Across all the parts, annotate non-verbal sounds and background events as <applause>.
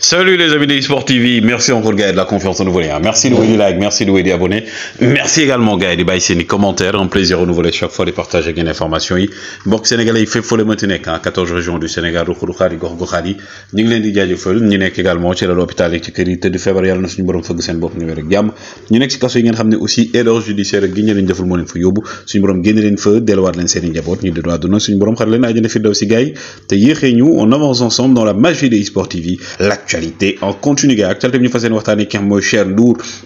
Salut les amis de Sport TV, merci encore Gaël de la confiance renouvelée. Hein. Merci de vous like, merci de vous abonner. Merci également Gaël de baisser les commentaires, un plaisir renouvelé chaque fois de partager information. informations. Bok Sénégalais, il fait folle maintenant, 14 hein. régions du Sénégal, Rukhoukhari, Gorgokhari. Nous sommes déjà folle, nous sommes également à l'hôpital et à l'hôpital de février, nous sommes en train de faire des jam. Nous sommes aussi erreur judiciaire, nous sommes en train de faire des choses. Nous sommes en de faire des choses, nous sommes en train de faire des choses, nous sommes en train de faire des choses. on avance ensemble dans la magie des Sport TV. La actualité en continu gars actualité à ñu fas yéene waxtaanee Cher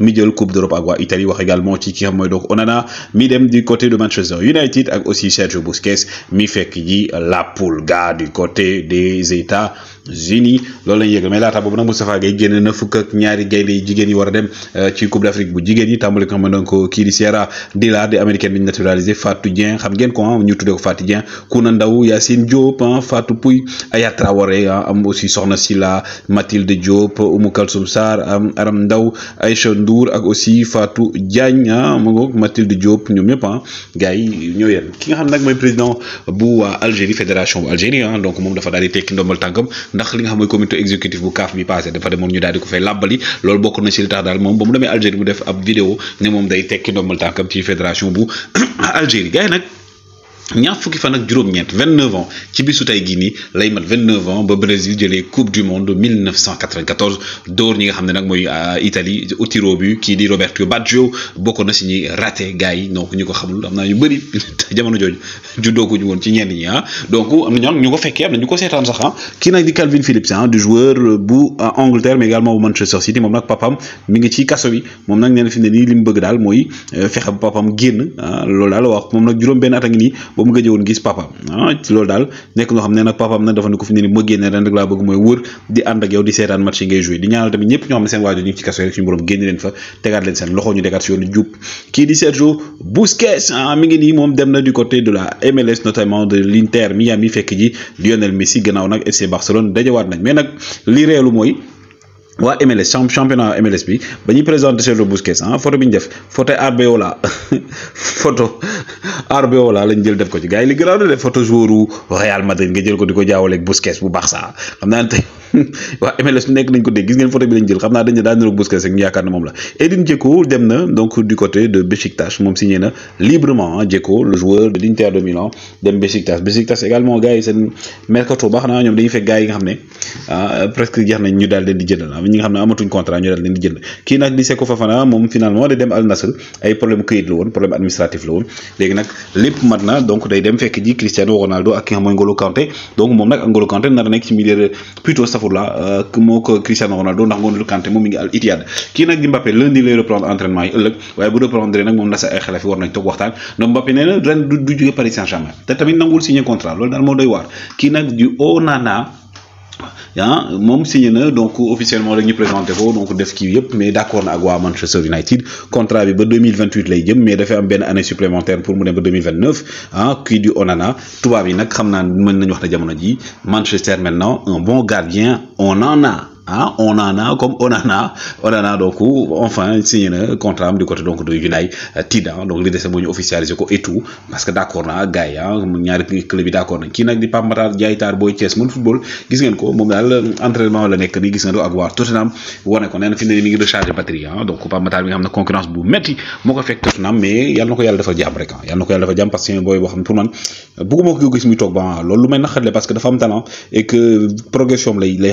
mi coupe d'Europe ak Italie wax également tiki ki nga on en donc Onana mi dem du côté de Manchester United ak aussi Sergio Busquets mi fekk ji la poule gars du côté des États-Unis loolu lañu mais laata boobu nag Moustapha Gueye génn na fukk ak ñaari gaynde yi jigéen yi war dem euh, ci Coupe d'Afrique bu jigéen yi tàmbali ko xam donc kii di Sierra Dillard di américaine bi naturalisés naturalisé Fatou Dieng xam ngeen ko ah, ñu tuddee ko Fatou Dieng Kouna Ndaw Yacine Diop ah, Fatou Pouy Aya ah, am aussi soxna si la Mathilde Diop Oumou Kalsoum Sarr am Aram Ndaw Aïcha Ndour ak aussi Fatou Diagne ah, mu ngoog Mathilde Diop ñoom ñëpp a ah, gars yi ñoo yem ki nga xam nag mooy président bu waa Algérie fédération bu Algérie ah moom dafa daal di tekki ndax li nga xam mooy comité exécutif bu CAF bi passé dafa demoon ñu daal di ko fay làbbali loolu bokk na ci li tax daal moom ba mu demee Algérie mu def ab vidéo ne moom day tekki ndombal tànkam ci fédération bu <coughs> Algérie gars nag ñaar fukki fan ak juróom-ñeent 29 ans ci bisu tay gi ni lay mat 29 ans ba Brésil jëlee coupe du monde 1994 dóor ñi nga xamné nak moy euh, Italie au tiro bi ki di Roberto Baggio bokko na ci ñi raté gaay yi donc ñu xamul amna ñu bëri <laughs> jamono jooju juddo ko ñu won ci ñenn ñi ah donc amna ñu ñuko fekkee amna ñuko sétane sax ah kii nag di Calvin Phillips hein du joueur bu euh, Angleterre mais également au Manchester City mom nak papam mi ngi ci kasso bi mom nak nee na fi mu ne nii bëgg dal moy euh, fexe papam génn ah loolu wax mom nak juróom ben at ni ba mu gëjoon gis papa ah ci loolu dal. nekk loo xam ne nag papaam nag dafa ne fi ni bu ma rek la bëgg moy wër di and ak yow di sétane match ngay joué di ñaanal tamit ñepp ñoo xam seen waju ñu ci kaso rek suñu borom génn leen fa tegaat leen seen loxo ñu degaat ci yoonu jub ki di Sergio Busquets ah mi ngi ni mom dem na du côté de la MLS notamment de l'Inter Miami fekk ji Lionel Messi gannaaw nak FC Barcelone dajawaat nañ mais nak li réelu moy wa MLS championnat MLS bi ba ñuy présenté Sergio Busquets ah photo biñ def photo arbeola <laughs> photo Arbeloa laa lañ jël def ko ci gars yi li gën a photo joueur wu Madrid nga jël ko di ko jaawaleeg Busquets bu baax saa xam naa ne tey <laughs> waa MLS nekk nañ ko dégg gis ngeen photo bi lañ jël xam naa ne daa niroog Busquets rek ñu yaakaar ne na de ne ah, daal leen di jënd la nga xam ne amatuñ contrat ñu daal leen di jënd kii nag di Seko Fofana moom finalement da dem Al Nassr ay problème këyit la woon problème administratif la woon léegi nag lépp mat na donc day dem fekk ji Cristiano Ronaldo ak ki nga xam donc moom nag N'Golo Kanté nar a nekk ci milieu euh, moom mi ngi al nag di Mbappé lundi reprendre entraînement yi ëllëg waaye bu reprendre nag moom na sa ay xelaf war nañ toog waxtaan donc Mbappé nee du jóge Paris Saint-Germain te tamit nangul signé contrat loolu daal moo doy waar kii nag di Onana ah signé donc officiellement rek ñu présenté ko donc def kii yep, mais d'accord avec na ak Manchester United contrat bi ba 2028 lay jëm mais dafay am année supplémentaire pour mu 2029 hein qui du Onana wax Manchester maintenant un bon gardien on en a. ah Onana comme Onana Onana donc enfin signé na contrat am du côté donc du Junaay euh, Tidan donc li dese moo officialisé ko et tout parce que d' accord naa ah, ñaari club yi d' accord nañ nag di Pape Matar euh, la nekk gis ngeen ko ak waa Tottenham wane ko nee na fi ne mi ngi recharger batterie ah nga xam ne concurrence bu metti moo ko fekk Tottenham mais yàlla na ko yàlla dafa jàmm rek ah yàlla na ko yàlla dafa jàmm parce que booy boo xam pour man bëgguma ko gis muy toog ba ah. loolu lu may naqarle parce que dafa am talent et progression lay lay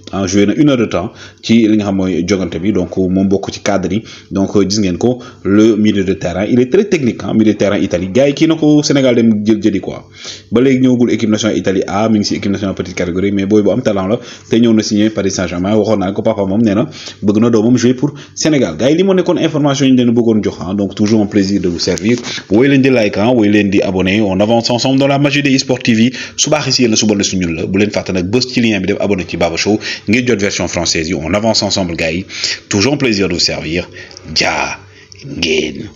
en jouer une heure de temps ci li nga xam bi donc mon beaucoup ci cadre yi donc euh, gis ngeen ko le milieu de terrain il est très technique hein, milieu de terrain italien gars yi kii na Sénégal dem jël quoi ba léegi équipe nationale Italie A mi ngi si équipe nationale petite catégorie mais boy bu am talent la te ñëw na signé Paris Saint-Germain waxoon naa ko papa moom nee na bëgg na doomam jouer pour Sénégal gars yi li moo nekkoon information yi ñu leen bëggoon jox hein, donc toujours un plaisir de vous servir ou il di like hein, wooy leen di abonné on avance ensemble dans la magie des sportive TV sous si yéen la suba la suñul la bu leen fàtte nag bës ci lien bi def abonné ci Baba Show ngir jot version française on avance ensemble gars toujours plaisir de vous servir ja ngeen